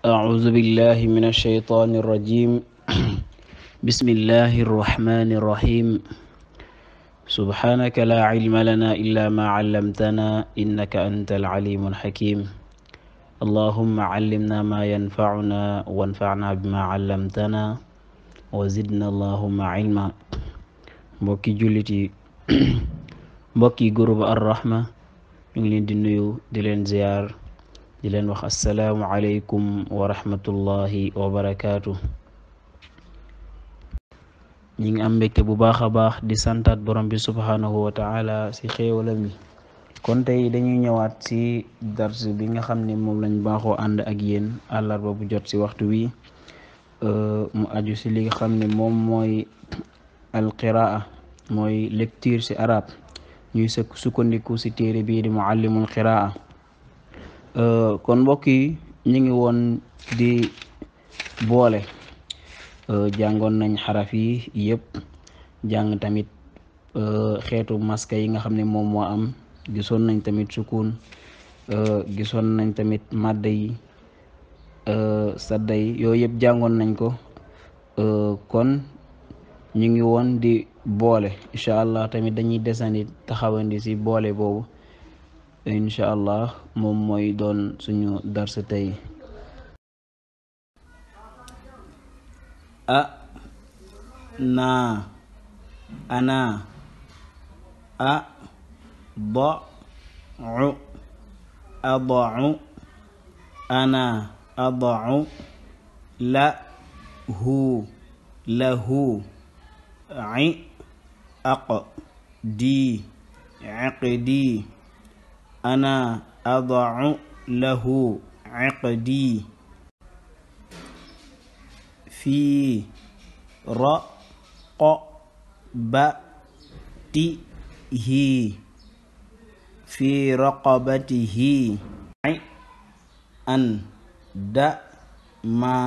أعوذ بالله من الشيطان الرجيم بسم الله الرحمن الرحيم سبحانك لا علم لنا إلا ما علمتنا إنك أنت العليم الحكيم اللهم علمنا ما ينفعنا وانفعنا بما علمتنا وزدنا اللهم علما mbokki جولتي yi mbokki الرحمة Ar Rahma ñu ngi leen di di leen wax asalaamualeykum wa rahmatullahi wa barakaatu. ñi ngi am mbégte bu baax a baax di santaat borom bi subhaanahu wa taala si xéewalam yi kon tey dañuy ñëwaat si dars bi nga xam ne moom lañ baaxoo ànd ak yéen àllarba bu jot si waxtu wi mu aju si li nga xam ne moom mooy alqiraa mooy lecture si arab ñuy sëkk sukkandiku si téere bii di muallimul qiraa Euh, kon mbokk yi ñu ngi woon di boole euh, jàngoon nañ xaraf yi yëpp jàng tamit euh, xeetu maska yi nga xam ne moom moo am gisoon nañ tamit sukun gisoon nañ tamit madda yi sadda yi yooyu yëpp jàngoon nañ ko kon ñu ngi woon di boole incha allah tamit dañuy desandi taxawandi si boole boobu incha allah moom mooy doon suñu dars tey a ah, naa ana a dau adau ana adau la hu lahu i aq di aqdi ana adaau lahu ciqdii fii raqabatihi fii raqabatihi an da ma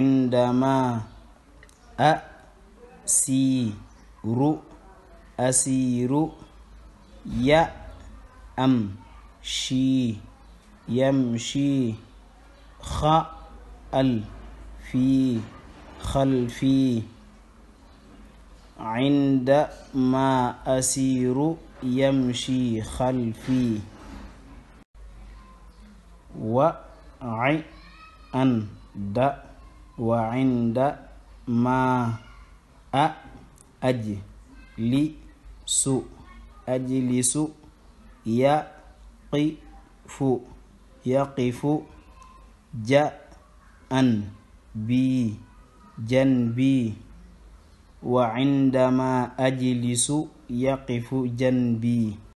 indama asiru asiru ya أم شي يمشي خأل في خلفي عند ما أسير يمشي خلفي عند وعند ما أجلس أجلس yaqifu yaqifu ja'an bi jan bi wa indama ajlisu yaqifu bi